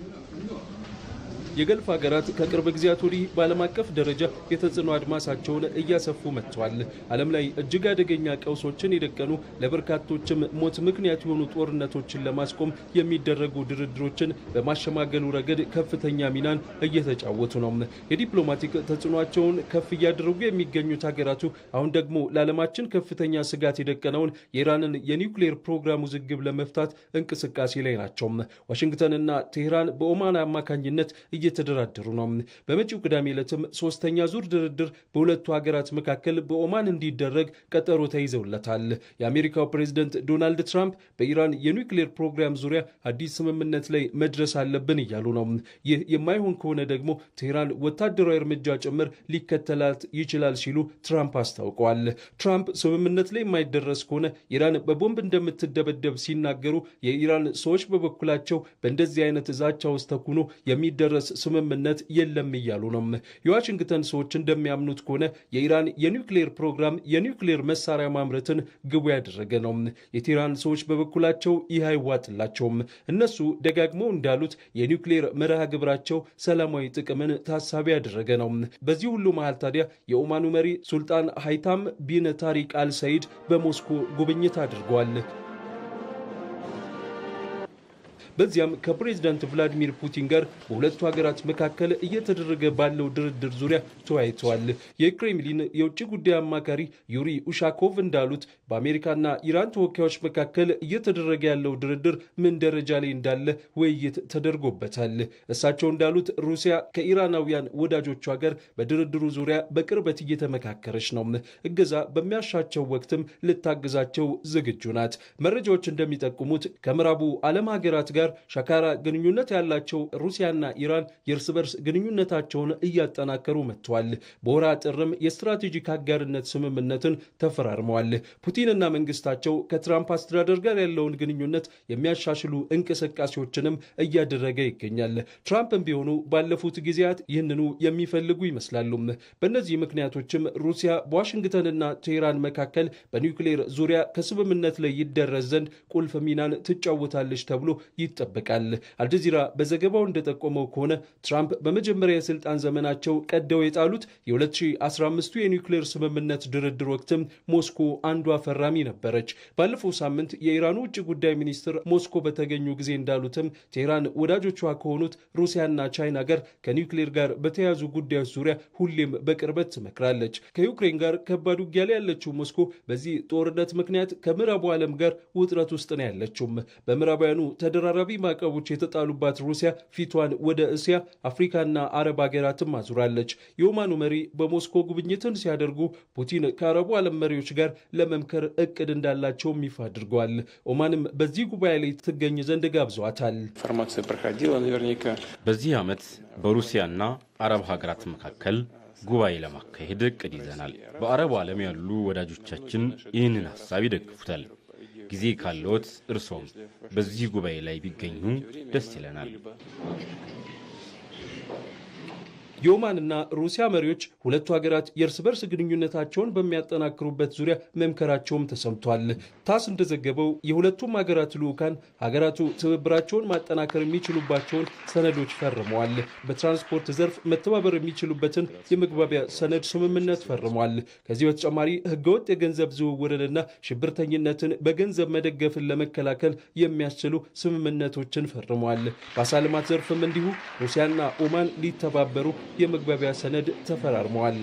No, no. የገልፍ ሀገራት ከቅርብ ጊዜያት ወዲህ በዓለም አቀፍ ደረጃ የተጽዕኖ አድማሳቸውን እያሰፉ መጥተዋል። ዓለም ላይ እጅግ አደገኛ ቀውሶችን የደቀኑ ለበርካቶችም ሞት ምክንያት የሆኑ ጦርነቶችን ለማስቆም የሚደረጉ ድርድሮችን በማሸማገሉ ረገድ ከፍተኛ ሚናን እየተጫወቱ ነው። የዲፕሎማቲክ ተጽዕኖቸውን ከፍ እያደረጉ የሚገኙት ሀገራቱ አሁን ደግሞ ለዓለማችን ከፍተኛ ስጋት የደቀነውን የኢራንን የኒውክሌር ፕሮግራም ውዝግብ ለመፍታት እንቅስቃሴ ላይ ናቸው። ዋሽንግተንና ቴህራን በኦማን አማካኝነት እየተደራደሩ ነው። በመጪው ቅዳሜ ዕለትም ሶስተኛ ዙር ድርድር በሁለቱ ሀገራት መካከል በኦማን እንዲደረግ ቀጠሮ ተይዘውለታል። የአሜሪካው ፕሬዝደንት ዶናልድ ትራምፕ በኢራን የኒውክሌር ፕሮግራም ዙሪያ አዲስ ስምምነት ላይ መድረስ አለብን እያሉ ነው። ይህ የማይሆን ከሆነ ደግሞ ቴህራን ወታደራዊ እርምጃ ጭምር ሊከተላት ይችላል ሲሉ ትራምፕ አስታውቀዋል። ትራምፕ ስምምነት ላይ የማይደረስ ከሆነ ኢራን በቦምብ እንደምትደበደብ ሲናገሩ፣ የኢራን ሰዎች በበኩላቸው በእንደዚህ አይነት ዛቻ ውስጥ ተኩኖ የሚደረስ ስምምነት የለም እያሉ ነው። የዋሽንግተን ሰዎች እንደሚያምኑት ከሆነ የኢራን የኒውክሌር ፕሮግራም የኒውክሌር መሳሪያ ማምረትን ግቡ ያደረገ ነው። የቴህራን ሰዎች በበኩላቸው ይህ አይዋጥላቸውም። እነሱ ደጋግመው እንዳሉት የኒውክሌር መርሃ ግብራቸው ሰላማዊ ጥቅምን ታሳቢ ያደረገ ነው። በዚህ ሁሉ መሃል ታዲያ የኦማኑ መሪ ሱልጣን ሃይታም ቢን ታሪክ አልሰይድ በሞስኮ ጉብኝት አድርገዋል። በዚያም ከፕሬዝዳንት ቭላዲሚር ፑቲን ጋር በሁለቱ ሀገራት መካከል እየተደረገ ባለው ድርድር ዙሪያ ተወያይተዋል። የክሬምሊን የውጭ ጉዳይ አማካሪ ዩሪ ኡሻኮቭ እንዳሉት በአሜሪካና ኢራን ተወካዮች መካከል እየተደረገ ያለው ድርድር ምን ደረጃ ላይ እንዳለ ውይይት ተደርጎበታል። እሳቸው እንዳሉት ሩሲያ ከኢራናውያን ወዳጆቿ ጋር በድርድሩ ዙሪያ በቅርበት እየተመካከረች ነው። እገዛ በሚያሻቸው ወቅትም ልታግዛቸው ዝግጁ ናት። መረጃዎች እንደሚጠቁሙት ከምዕራቡ ዓለም ሀገራት ጋር ጋር ሸካራ ግንኙነት ያላቸው ሩሲያና ኢራን የእርስ በርስ ግንኙነታቸውን እያጠናከሩ መጥተዋል። በወራ ጥርም የስትራቴጂክ አጋርነት ስምምነትን ተፈራርመዋል። ፑቲንና መንግስታቸው ከትራምፕ አስተዳደር ጋር ያለውን ግንኙነት የሚያሻሽሉ እንቅስቃሴዎችንም እያደረገ ይገኛል። ትራምፕም ቢሆኑ ባለፉት ጊዜያት ይህንኑ የሚፈልጉ ይመስላሉ። በእነዚህ ምክንያቶችም ሩሲያ በዋሽንግተንና ቴህራን መካከል በኒውክሌር ዙሪያ ከስምምነት ላይ ይደረስ ዘንድ ቁልፍ ሚናን ትጫወታለች ተብሎ ይ። ይጠበቃል። አልጀዚራ በዘገባው እንደጠቆመው ከሆነ ትራምፕ በመጀመሪያ የስልጣን ዘመናቸው ቀደው የጣሉት የ2015ቱ የኒውክሌር ስምምነት ድርድር ወቅትም ሞስኮ አንዷ ፈራሚ ነበረች። ባለፈው ሳምንት የኢራኑ ውጭ ጉዳይ ሚኒስትር ሞስኮ በተገኙ ጊዜ እንዳሉትም ቴህራን ወዳጆቿ ከሆኑት ሩሲያና ቻይና ጋር ከኒውክሌር ጋር በተያያዙ ጉዳዮች ዙሪያ ሁሌም በቅርበት ትመክራለች። ከዩክሬን ጋር ከባድ ውጊያ ላይ ያለችው ሞስኮ በዚህ ጦርነት ምክንያት ከምዕራቡ ዓለም ጋር ውጥረት ውስጥ ነው ያለችውም። በምዕራባውያኑ ተደራራ አካባቢ ማዕቀቦች የተጣሉባት ሩሲያ ፊቷን ወደ እስያ፣ አፍሪካና አረብ ሀገራትም አዙራለች። የኦማኑ መሪ በሞስኮ ጉብኝትን ሲያደርጉ ፑቲን ከአረቡ ዓለም መሪዎች ጋር ለመምከር እቅድ እንዳላቸውም ይፋ አድርገዋል። ኦማንም በዚህ ጉባኤ ላይ ትገኝ ዘንድ ጋብዘዋታል። በዚህ ዓመት በሩሲያና አረብ ሀገራት መካከል ጉባኤ ለማካሄድ እቅድ ይዘናል። በአረቡ ዓለም ያሉ ወዳጆቻችን ይህንን ሀሳብ ይደግፉታል። ጊዜ ካለዎት እርሶም በዚህ ጉባኤ ላይ ቢገኙ ደስ ይለናል። የኦማንና ሩሲያ መሪዎች ሁለቱ ሀገራት የእርስ በርስ ግንኙነታቸውን በሚያጠናክሩበት ዙሪያ መምከራቸውም ተሰምቷል። ታስ እንደዘገበው የሁለቱም ሀገራት ልዑካን ሀገራቱ ትብብራቸውን ማጠናከር የሚችሉባቸውን ሰነዶች ፈርመዋል። በትራንስፖርት ዘርፍ መተባበር የሚችሉበትን የመግባቢያ ሰነድ ስምምነት ፈርመዋል። ከዚህ በተጨማሪ ህገወጥ የገንዘብ ዝውውርንና ሽብርተኝነትን በገንዘብ መደገፍን ለመከላከል የሚያስችሉ ስምምነቶችን ፈርመዋል። በአሳ ልማት ዘርፍም እንዲሁ ሩሲያና ኦማን ሊተባበሩ የመግባቢያ ሰነድ ተፈራርመዋል።